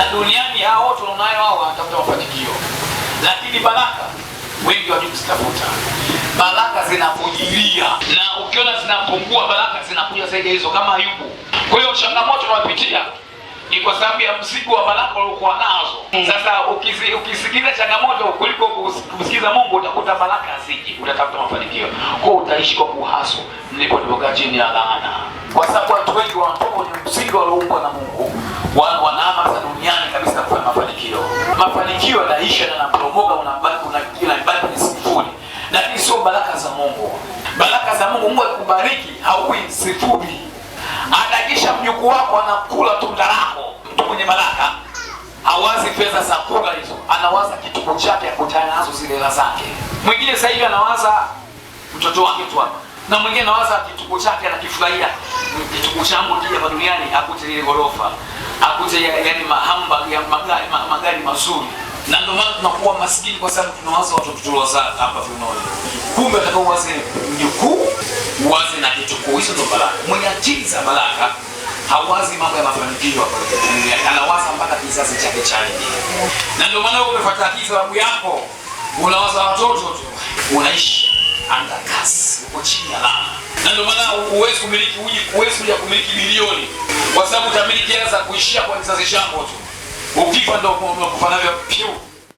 na duniani hao wote wanaonayo hao wanatafuta mafanikio, lakini baraka wengi wajui kuzitafuta. Baraka zinapojilia na ukiona zinapungua, baraka zinakuja zaidi hizo, kama Ayubu. Kwa hiyo changamoto unapitia ni kwa sababu ya mzigo wa baraka uliokuwa nazo. Mm. Sasa ukizi, ukisikiliza changamoto kuliko kusikiza Mungu, utakuta baraka haziji, utatafuta mafanikio, kwa utaishi kwa kuhasu, mlipo ndoka chini ya laana, kwa sababu watu wengi wanatoka kwenye mzigo walioumbwa na Mungu. mafanikio yanaisha na naporomoka, unabaki ni sifuri, lakini sio baraka za Mungu. Baraka za Mungu, Mungu akubariki haui sifuri, atakisha mjukuu wako anakula tunda lako. Mtu mwenye baraka hawazi pesa za kula hizo, anawaza kituko chake akutana nazo zile hela zake. Mwingine sasa hivi anawaza mtoto wake tu hapa na mwingine nawaza kituko chake anakifurahia, Kituko changu kija hapa duniani akute ile gorofa, akute yaani mahamba ya magari, magari mazuri. Na ndio maana tunakuwa maskini kwa sababu tunawaza watu tuliozaa hapa tunaona, kumbe atakao waze mjukuu waze na kituko Hizo ndo baraka. Mwenye akili za baraka hawazi mambo ya mafanikio hapa duniani, anawaza mpaka kizazi chake cha nje. Na ndio maana umefuata kizazi yako, unawaza watoto tu, unaishi amepanga kazi, uko chini ya lana, na ndio maana huwezi kumiliki uji, huwezi kuja kumiliki bilioni, kwa sababu utamiliki hela za kuishia kwa kizazi chako tu, ukifa ndio unakufa navyo